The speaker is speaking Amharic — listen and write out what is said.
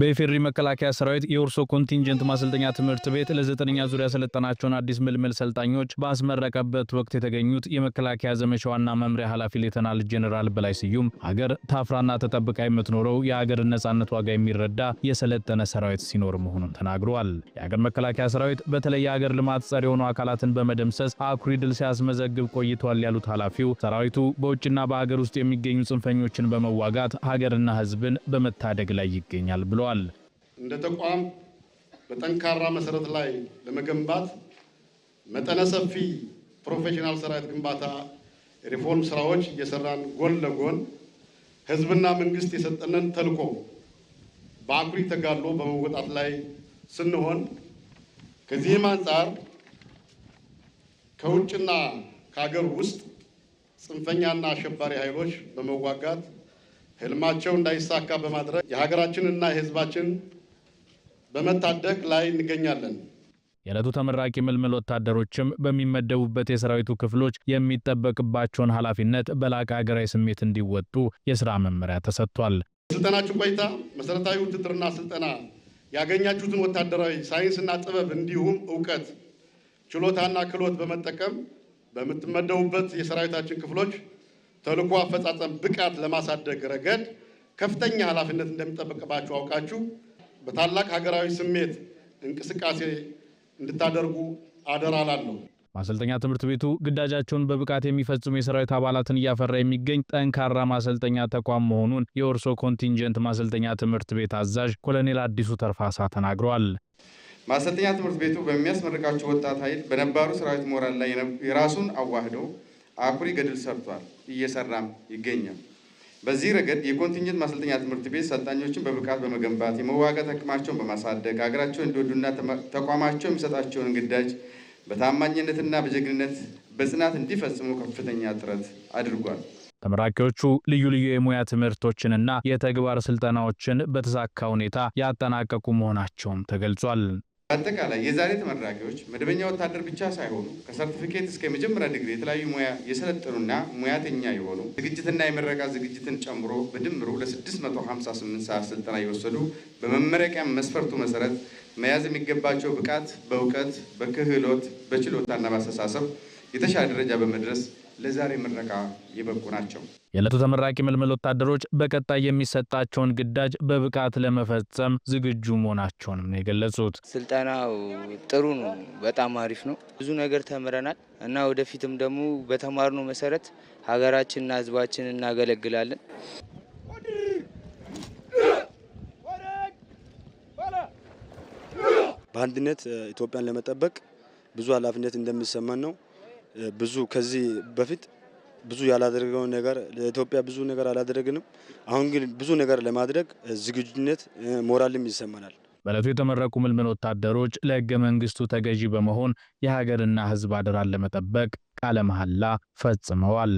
በኢፌድሪ መከላከያ ሰራዊት የኦርሶ ኮንቲንጀንት ማሰልጠኛ ትምህርት ቤት ለዘጠነኛ ዙሪያ ሰለጠናቸውን አዲስ ምልምል ሰልጣኞች ባስመረቀበት ወቅት የተገኙት የመከላከያ ዘመቻ ዋና መምሪያ ኃላፊ ሌተናል ጄኔራል በላይ ስዩም ሀገር ታፍራና ተጠብቃ የምትኖረው የሀገርን ነጻነት ዋጋ የሚረዳ የሰለጠነ ሰራዊት ሲኖር መሆኑን ተናግረዋል። የሀገር መከላከያ ሰራዊት በተለይ የሀገር ልማት ጸር የሆኑ አካላትን በመደምሰስ አኩሪ ድል ሲያስመዘግብ ቆይቷል ያሉት ኃላፊው ሰራዊቱ በውጭና በሀገር ውስጥ የሚገኙ ጽንፈኞችን በመዋጋት ሀገርና ሕዝብን በመታደግ ላይ ይገኛል ብለዋል። ተናግረዋል። እንደ ተቋም በጠንካራ መሰረት ላይ ለመገንባት መጠነ ሰፊ ፕሮፌሽናል ሰራዊት ግንባታ ሪፎርም ስራዎች እየሰራን ጎን ለጎን ህዝብና መንግስት የሰጠንን ተልዕኮ በአኩሪ ተጋድሎ በመወጣት ላይ ስንሆን ከዚህም አንጻር ከውጭና ከሀገር ውስጥ ጽንፈኛና አሸባሪ ኃይሎች በመዋጋት ህልማቸው እንዳይሳካ በማድረግ የሀገራችንና የህዝባችን በመታደግ ላይ እንገኛለን። የዕለቱ ተመራቂ ምልምል ወታደሮችም በሚመደቡበት የሰራዊቱ ክፍሎች የሚጠበቅባቸውን ኃላፊነት በላቀ ሀገራዊ ስሜት እንዲወጡ የስራ መመሪያ ተሰጥቷል። የስልጠናችሁ ቆይታ መሰረታዊ ውትድርና ስልጠና ያገኛችሁትን ወታደራዊ ሳይንስና ጥበብ እንዲሁም እውቀት፣ ችሎታና ክህሎት በመጠቀም በምትመደቡበት የሰራዊታችን ክፍሎች ተልኮ አፈጻጸም ብቃት ለማሳደግ ረገድ ከፍተኛ ኃላፊነት እንደሚጠበቅባችሁ አውቃችሁ በታላቅ ሀገራዊ ስሜት እንቅስቃሴ እንድታደርጉ አደራ ማሰልጠኛ ትምህርት ቤቱ ግዳጃቸውን በብቃት የሚፈጽሙ የሰራዊት አባላትን እያፈራ የሚገኝ ጠንካራ ማሰልጠኛ ተቋም መሆኑን የወርሶ ኮንቲንጀንት ማሰልጠኛ ትምህርት ቤት አዛዥ ኮሎኔል አዲሱ ተርፋሳ ተናግረዋል። ማሰልጠኛ ትምህርት ቤቱ በሚያስመርቃቸው ወጣት ኃይል በነባሩ ሰራዊት ሞራል ላይ የራሱን አዋህደው። አኩሪ ገድል ሰርቷል፣ እየሰራም ይገኛል። በዚህ ረገድ የኮንቲንጀንት ማሰልጠኛ ትምህርት ቤት ሰልጣኞችን በብቃት በመገንባት የመዋጋት አቅማቸውን በማሳደግ ሀገራቸውን እንዲወዱና ተቋማቸው የሚሰጣቸውን ግዳጅ በታማኝነትና በጀግንነት በጽናት እንዲፈጽሙ ከፍተኛ ጥረት አድርጓል። ተመራቂዎቹ ልዩ ልዩ የሙያ ትምህርቶችንና የተግባር ስልጠናዎችን በተሳካ ሁኔታ ያጠናቀቁ መሆናቸውም ተገልጿል። በአጠቃላይ የዛሬ ተመራቂዎች መደበኛ ወታደር ብቻ ሳይሆኑ ከሰርቲፊኬት እስከ መጀመሪያ ዲግሪ የተለያዩ ሙያ የሰለጠኑና ሙያተኛ የሆኑ ዝግጅትና የምረቃ ዝግጅትን ጨምሮ በድምሩ ለ658 ሰዓት ስልጠና የወሰዱ በመመረቂያ መስፈርቱ መሰረት መያዝ የሚገባቸው ብቃት በእውቀት፣ በክህሎት፣ በችሎታና በአስተሳሰብ የተሻለ ደረጃ በመድረስ ለዛሬ ምረቃ የበቁ ናቸው። የዕለቱ ተመራቂ ምልምል ወታደሮች በቀጣይ የሚሰጣቸውን ግዳጅ በብቃት ለመፈጸም ዝግጁ መሆናቸውንም ነው የገለጹት። ስልጠናው ጥሩ ነው፣ በጣም አሪፍ ነው። ብዙ ነገር ተምረናል እና ወደፊትም ደግሞ በተማርነው መሰረት ሀገራችንና ሕዝባችን እናገለግላለን። በአንድነት ኢትዮጵያን ለመጠበቅ ብዙ ኃላፊነት እንደሚሰማን ነው ብዙ ከዚህ በፊት ብዙ ያላደረገውን ነገር ለኢትዮጵያ ብዙ ነገር አላደረግንም። አሁን ግን ብዙ ነገር ለማድረግ ዝግጁነት ሞራልም ይሰማናል። በእለቱ የተመረቁ ምልምል ወታደሮች ለህገ መንግስቱ ተገዢ በመሆን የሀገርና ህዝብ አደራን ለመጠበቅ ቃለ መሐላ ፈጽመዋል።